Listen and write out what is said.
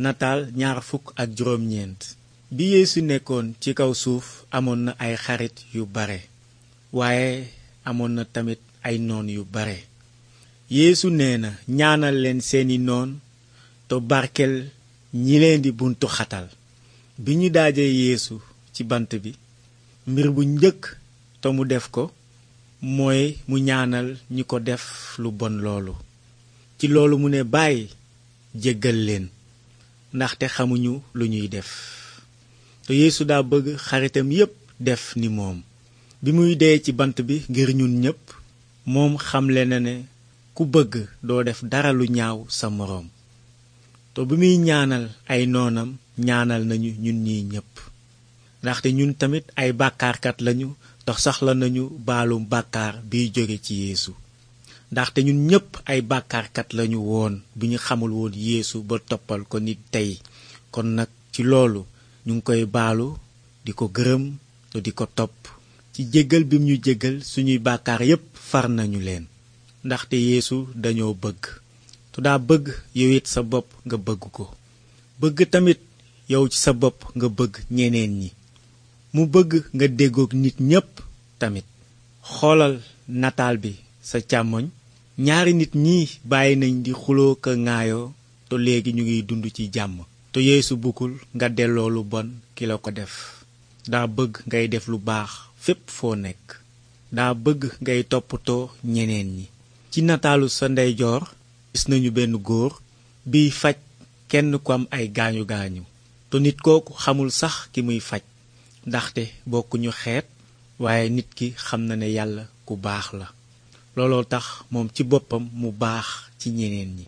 nataal ñaar ak juróom ñeent bi yeesu nekkoon ci kaw suuf amoon na ay xarit yu bare waaye amoon na tamit ay noon yu bare yéesu neena ñaanal leen seeni noon te barkel ñi leen di buntu xatal bi ñu daajee yéesu ci bant bi mbir bu njëkk te mu def ko mooy mu ñaanal ñi ko def lu bon loolu ci loolu mu ne bàyyi jéggal leen ndaxte xamuñu lu ñuy def te yeesu daa bëgg xaritam yépp def ni moom bi muy dee ci bant bi ngir ñun ñépp moom xamle na ne ku bëgg doo def dara lu ñaaw sa moroom te bi muy ñaanal ay noonam ñaanal nañu ñun ñii ñépp ndaxte ñun tamit ay bàkkaarkat lañu tax soxla nañu baalum bàkkaar biy jóge ci yéesu ndaxte ñun ñépp ay bàkkaarkat lañu woon bu ñu xamul woon yéesu ba toppal ko nit tey kon nag ci loolu ñu ngi koy baalu di ko gërëm te di ko topp ci jéggal bi mu jéggal suñuy bàkkaar yépp far nañu leen ndaxte yéesu dañoo bëgg tu daa bëgg yow sa bopp nga bëgg ko bëgg tamit yow ci sa bopp nga bëgg ñeneen ñi mu bëgg nga déggook nit ñépp tamit xoolal nataal bi sa càmmooñ ñaari nit ñi bàyyi nañ di xuloo ka ŋaayoo te léegi ñu ngi dund ci jàmm te yéesu buggul nga delloo lu bon ki la ko def daa bëgg ngay def lu baax fépp foo nekk daa bëgg ngay toppatoo ñeneen ñi ci nataalu sa ndeyjoor gis nañu benn góor biy faj kenn ku am ay gaañu gaañu te nit kooku xamul sax ki muy faj ndaxte bokkuñu xeet waaye nit ki xam na ne yàlla ku baax la looloo tax moom ci boppam mu baax ci ñeneen ñi